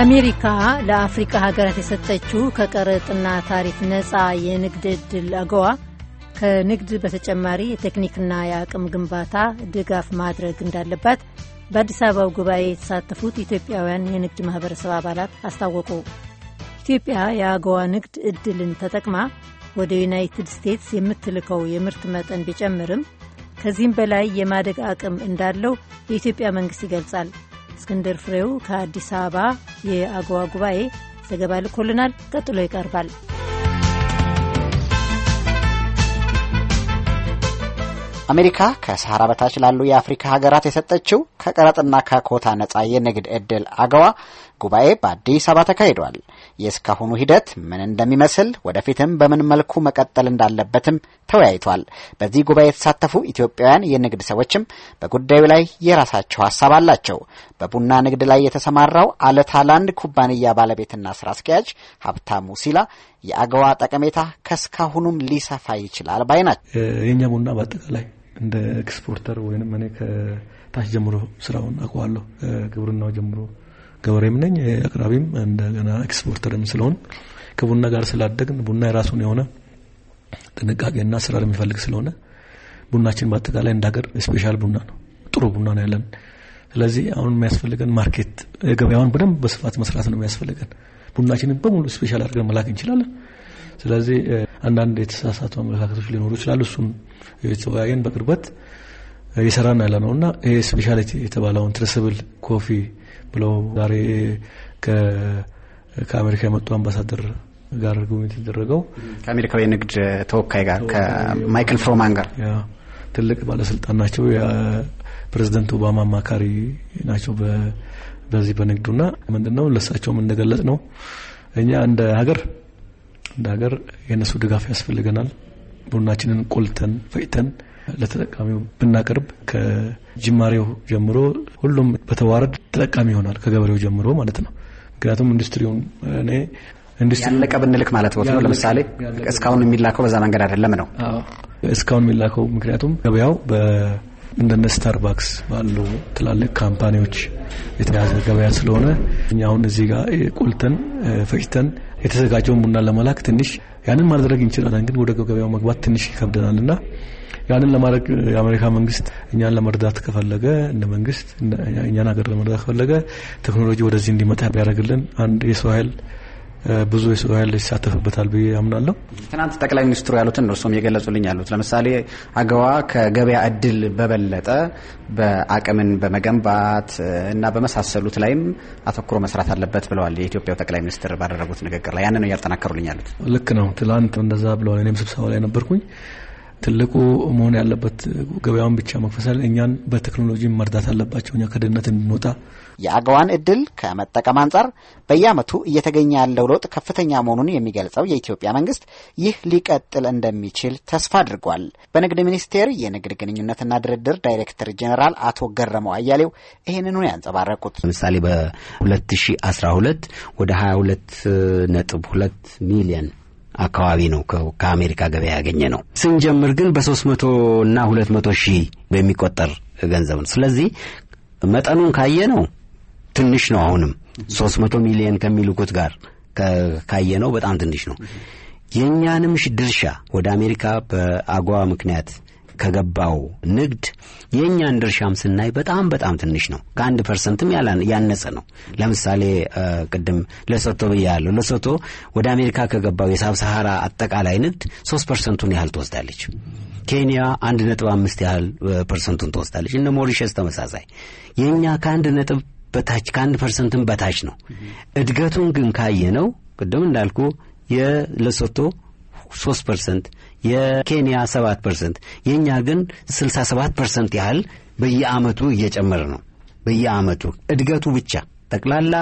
አሜሪካ ለአፍሪካ ሀገራት የሰጠችው ከቀረጥና ታሪፍ ነፃ የንግድ ዕድል አገዋ ከንግድ በተጨማሪ የቴክኒክና የአቅም ግንባታ ድጋፍ ማድረግ እንዳለባት በአዲስ አበባው ጉባኤ የተሳተፉት ኢትዮጵያውያን የንግድ ማህበረሰብ አባላት አስታወቁ። ኢትዮጵያ የአገዋ ንግድ ዕድልን ተጠቅማ ወደ ዩናይትድ ስቴትስ የምትልከው የምርት መጠን ቢጨምርም ከዚህም በላይ የማደግ አቅም እንዳለው የኢትዮጵያ መንግስት ይገልጻል። እስክንድር ፍሬው ከአዲስ አበባ የአገዋ ጉባኤ ዘገባ ልኮልናል። ቀጥሎ ይቀርባል። አሜሪካ ከሰሐራ በታች ላሉ የአፍሪካ ሀገራት የሰጠችው ከቀረጥና ከኮታ ነጻ የንግድ ዕድል አገዋ ጉባኤ በአዲስ አበባ ተካሂዷል። የእስካሁኑ ሂደት ምን እንደሚመስል ወደፊትም በምን መልኩ መቀጠል እንዳለበትም ተወያይቷል። በዚህ ጉባኤ የተሳተፉ ኢትዮጵያውያን የንግድ ሰዎችም በጉዳዩ ላይ የራሳቸው ሀሳብ አላቸው። በቡና ንግድ ላይ የተሰማራው አለታላንድ ኩባንያ ባለቤትና ስራ አስኪያጅ ሀብታሙ ሲላ የአገዋ ጠቀሜታ ከእስካሁኑም ሊሰፋ ይችላል ባይ ናቸው። የእኛ ቡና በአጠቃላይ እንደ ኤክስፖርተር ወይም እኔ ከታች ጀምሮ ስራውን አውቀዋለሁ። ግብርናው ጀምሮ ገበሬም ነኝ አቅራቢም እንደገና ኤክስፖርተርም ስለሆን ከቡና ጋር ስላደግን ቡና የራሱን የሆነ ጥንቃቄና ስራር የሚፈልግ ስለሆነ ቡናችን በአጠቃላይ እንደ ሀገር ስፔሻል ቡና ነው፣ ጥሩ ቡና ነው ያለን። ስለዚህ አሁን የሚያስፈልገን ማርኬት ገበያውን በደንብ በስፋት መስራት ነው የሚያስፈልገን። ቡናችንን በሙሉ ስፔሻል አድርገን መላክ እንችላለን። ስለዚህ አንዳንድ የተሳሳቱ አመለካከቶች ሊኖሩ ይችላሉ። እሱም የተወያየን በቅርበት የሰራን ያለ ነው እና ይሄ ስፔሻሊቲ የተባለውን ትርስብል ኮፊ ብለው ዛሬ ከአሜሪካ የመጡ አምባሳደር ጋር ጉብኝት የተደረገው ከአሜሪካዊ የንግድ ተወካይ ጋር ከማይክል ፍሮማን ጋር ትልቅ ባለስልጣን ናቸው። የፕሬዚደንት ኦባማ አማካሪ ናቸው። በዚህ በንግዱና ምንድነው ለእሳቸውም እንደገለጽ ነው እኛ እንደ ሀገር እንደ ሀገር የእነሱ ድጋፍ ያስፈልገናል። ቡናችንን ቆልተን ፈጭተን ለተጠቃሚው ብናቀርብ ከጅማሬው ጀምሮ ሁሉም በተዋረድ ተጠቃሚ ይሆናል፣ ከገበሬው ጀምሮ ማለት ነው። ምክንያቱም ኢንዱስትሪውን እኔ ያለቀ ብንልክ ማለት ነው። ለምሳሌ እስካሁን የሚላከው በዛ መንገድ አይደለም ነው እስካሁን የሚላከው ምክንያቱም ገበያው እንደነ ስታርባክስ ባሉ ትላልቅ ካምፓኒዎች የተያዘ ገበያ ስለሆነ እኛ አሁን እዚህ ጋር ቆልተን ፈጭተን የተዘጋጀውን ቡና ለመላክ ትንሽ ያንን ማድረግ እንችላለን፣ ግን ወደ ገበያው መግባት ትንሽ ይከብደናል እና ያንን ለማድረግ የአሜሪካ መንግስት እኛን ለመርዳት ከፈለገ እንደ መንግስት እኛን ሀገር ለመርዳት ከፈለገ ቴክኖሎጂ ወደዚህ እንዲመጣ ቢያደርግልን አንድ የሰው ኃይል ብዙ የሰው ኃይል ይሳተፍበታል ብዬ አምናለሁ። ትናንት ጠቅላይ ሚኒስትሩ ያሉትን ነው እየገለጹልኝ ያሉት። ለምሳሌ አገዋ ከገበያ እድል በበለጠ በአቅምን በመገንባት እና በመሳሰሉት ላይም አተኩሮ መስራት አለበት ብለዋል። የኢትዮጵያው ጠቅላይ ሚኒስትር ባደረጉት ንግግር ላይ ያንን ነው እያጠናከሩልኝ ያሉት። ልክ ነው። ትላንት እንደዛ ብለዋል። እኔም ስብሰባ ላይ ነበርኩኝ። ትልቁ መሆን ያለበት ገበያውን ብቻ መክፈሳል እኛን በቴክኖሎጂ መርዳት አለባቸው። እኛ ከድህነት እንድንወጣ የአገዋን እድል ከመጠቀም አንጻር በየአመቱ እየተገኘ ያለው ለውጥ ከፍተኛ መሆኑን የሚገልጸው የኢትዮጵያ መንግስት ይህ ሊቀጥል እንደሚችል ተስፋ አድርጓል። በንግድ ሚኒስቴር የንግድ ግንኙነትና ድርድር ዳይሬክተር ጄኔራል አቶ ገረመው አያሌው ይህንኑ ያንጸባረቁት ለምሳሌ በ2012 ወደ 22 ነጥብ 2 ሚሊዮን አካባቢ ነው ከአሜሪካ ገበያ ያገኘ ነው። ስንጀምር ግን በሶስት መቶ እና ሁለት መቶ ሺህ በሚቆጠር ገንዘብ ነው። ስለዚህ መጠኑን ካየ ነው ትንሽ ነው። አሁንም ሶስት መቶ ሚሊየን ከሚልኩት ጋር ካየ ነው በጣም ትንሽ ነው። የእኛንም ድርሻ ወደ አሜሪካ በአጓ ምክንያት ከገባው ንግድ የእኛን ድርሻም ስናይ በጣም በጣም ትንሽ ነው። ከአንድ ፐርሰንትም ያነሰ ነው። ለምሳሌ ቅድም ለሶቶ ብያለሁ። ለሶቶ ወደ አሜሪካ ከገባው የሳብ ሰሃራ አጠቃላይ ንግድ ሶስት ፐርሰንቱን ያህል ትወስዳለች። ኬንያ አንድ ነጥብ አምስት ያህል ፐርሰንቱን ትወስዳለች። እነ ሞሪሸስ ተመሳሳይ። የእኛ ከአንድ ነጥብ በታች ከአንድ ፐርሰንትም በታች ነው። እድገቱን ግን ካየ ነው ቅድም እንዳልኩ የለሶቶ ሶስት ፐርሰንት የኬንያ ሰባት ፐርሰንት የእኛ ግን ስልሳ ሰባት ፐርሰንት ያህል በየአመቱ እየጨመረ ነው። በየአመቱ እድገቱ ብቻ ጠቅላላ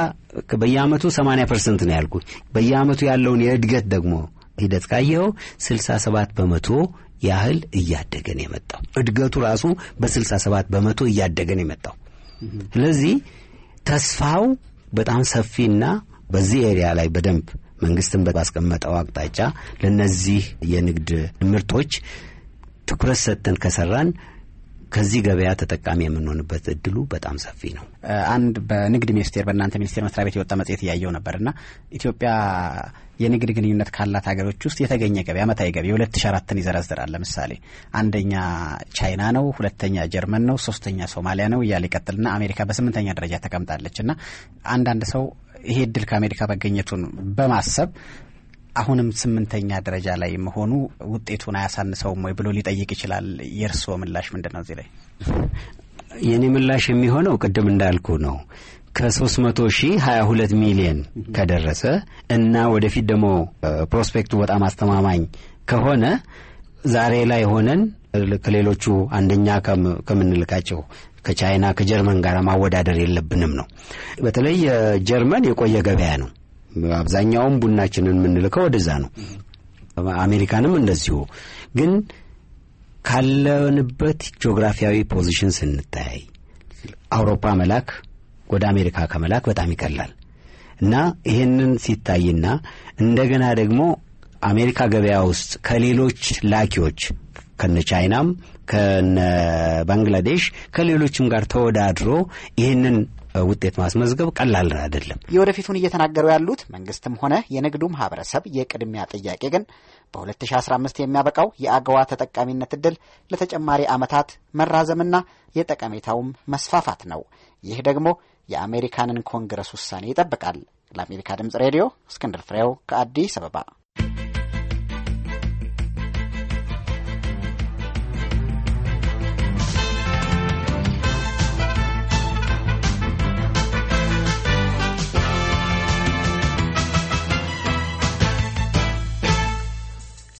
በየአመቱ ሰማንያ ፐርሰንት ነው ያልኩ። በየአመቱ ያለውን የእድገት ደግሞ ሂደት ካየኸው ስልሳ ሰባት በመቶ ያህል እያደገን የመጣው እድገቱ ራሱ በስልሳ ሰባት በመቶ እያደገን የመጣው ስለዚህ ተስፋው በጣም ሰፊና በዚህ ኤሪያ ላይ በደንብ መንግስትን ባስቀመጠው አቅጣጫ ለነዚህ የንግድ ምርቶች ትኩረት ሰጥተን ከሰራን ከዚህ ገበያ ተጠቃሚ የምንሆንበት እድሉ በጣም ሰፊ ነው። አንድ በንግድ ሚኒስቴር በእናንተ ሚኒስቴር መስሪያ ቤት የወጣ መጽሔት እያየው ነበርና ኢትዮጵያ የንግድ ግንኙነት ካላት ሀገሮች ውስጥ የተገኘ ገቢ አመታዊ ገቢ ሁለት ሺ አራትን ይዘረዝራል። ለምሳሌ አንደኛ ቻይና ነው፣ ሁለተኛ ጀርመን ነው፣ ሶስተኛ ሶማሊያ ነው እያለ ይቀጥልና አሜሪካ በስምንተኛ ደረጃ ተቀምጣለች እና አንዳንድ ሰው ይሄ እድል ከአሜሪካ መገኘቱን በማሰብ አሁንም ስምንተኛ ደረጃ ላይ መሆኑ ውጤቱን አያሳንሰውም ወይ ብሎ ሊጠይቅ ይችላል። የእርስዎ ምላሽ ምንድን ነው እዚህ ላይ? የእኔ ምላሽ የሚሆነው ቅድም እንዳልኩ ነው። ከሶስት መቶ ሺህ ሀያ ሁለት ሚሊየን ከደረሰ እና ወደፊት ደግሞ ፕሮስፔክቱ በጣም አስተማማኝ ከሆነ ዛሬ ላይ ሆነን ከሌሎቹ አንደኛ ከምንልካቸው ከቻይና ከጀርመን ጋር ማወዳደር የለብንም ነው። በተለይ የጀርመን የቆየ ገበያ ነው። አብዛኛውም ቡናችንን የምንልከው ወደዛ ነው። አሜሪካንም እንደዚሁ። ግን ካለንበት ጂኦግራፊያዊ ፖዚሽን ስንታይ አውሮፓ መላክ ወደ አሜሪካ ከመላክ በጣም ይቀላል እና ይህንን ሲታይና እንደገና ደግሞ አሜሪካ ገበያ ውስጥ ከሌሎች ላኪዎች ከነ ቻይናም ከነ ባንግላዴሽ ከሌሎችም ጋር ተወዳድሮ ይህንን ውጤት ማስመዝገብ ቀላል አይደለም። የወደፊቱን እየተናገሩ ያሉት መንግስትም ሆነ የንግዱ ማህበረሰብ የቅድሚያ ጥያቄ ግን በ2015 የሚያበቃው የአገዋ ተጠቃሚነት እድል ለተጨማሪ ዓመታት መራዘምና የጠቀሜታውም መስፋፋት ነው። ይህ ደግሞ የአሜሪካንን ኮንግረስ ውሳኔ ይጠብቃል። ለአሜሪካ ድምጽ ሬዲዮ እስክንድር ፍሬው ከአዲስ አበባ